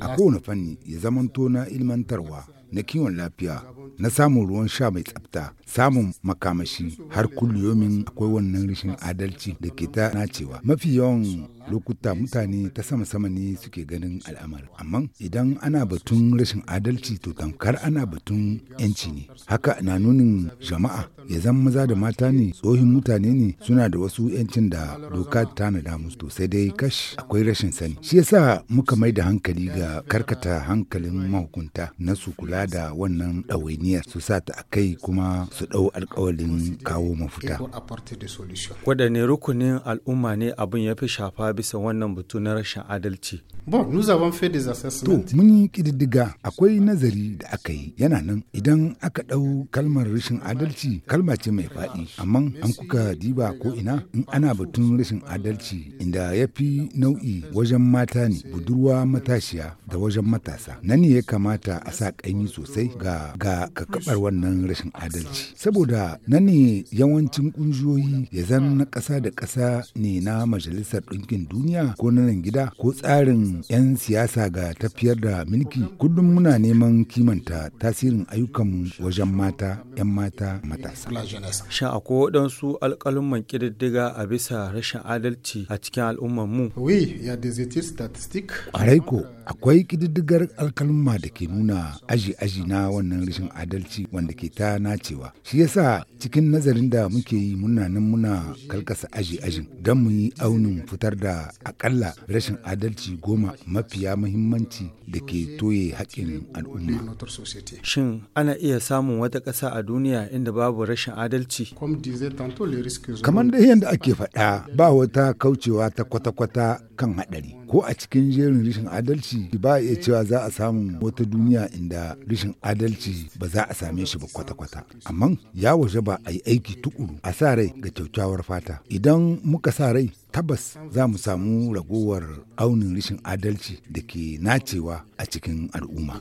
A kowane fanni ya zamanto na ilmantarwa na kiwon lafiya na samun ruwan sha mai tsafta samun makamashi har kulliyomin akwai wannan rashin adalci da ke ta nacewa mafi yawan lokuta mutane ta sama sama ne suke ganin al'amar amma idan ana batun rashin adalci to tamkar ana batun yanci ne haka na nunin jama'a ya zan maza da mata ne tsohin mutane ne suna da wasu yancin da doka ta nada musu to sai dai kash akwai rashin sani shi yasa muka mai da hankali ga karkata hankalin mahukunta na su kula kula da wannan ɗawainiyar su sa ta a kai kuma su ɗau alkawalin kawo mafuta wadanne rukunin al'umma ne abin ya fi shafa bisa wannan batu na rashin adalci? To, mun yi ƙididdiga akwai nazari da aka yi yana nan idan aka ɗau kalmar rashin adalci kalma ce mai faɗi amma an kuka diba ko ina in ana batun rashin adalci inda ya fi nau'i wajen mata ne budurwa matashiya da wajen matasa nan ya kamata a sa ƙaimi sosai ga ga kakabar wannan rashin adalci saboda nan ne yawancin ƙungiyoyi ya zan na ƙasa da ƙasa ne na majalisar ɗinkin duniya ko na nan gida ko tsarin 'yan siyasa ga tafiyar da mulki kullum muna neman kimanta tasirin ayyukanmu wajen mata 'yan mata matasa sha akwai waɗansu alƙalumman ƙididdiga a bisa rashin adalci a cikin al'ummar mu a raiko akwai yi kididdigar alkalma da ke nuna aji-aji na wannan rashin adalci wanda ke ta nacewa. Shi yasa cikin nazarin da muke yi muna nan muna karkasa aji-ajin don mu yi aunin fitar da akalla rashin adalci goma mafiya muhimmanci da ke toye haƙƙin al'umma. Shin ana iya samun wata ƙasa a duniya inda babu rashin adalci? Kamar da yadda ake faɗa ba wata kaucewa ta kwata-kwata kan haɗari. ko a cikin jerin rashin adalci ba a iya cewa za a samu wata duniya inda rashin adalci ba za a same shi ba kwata-kwata amma ya waje ba a yi aiki tukuru a sa rai ga kyaukyawar fata idan muka sa rai tabbas za mu samu ragowar aunin rashin adalci da ke nacewa a cikin al'umma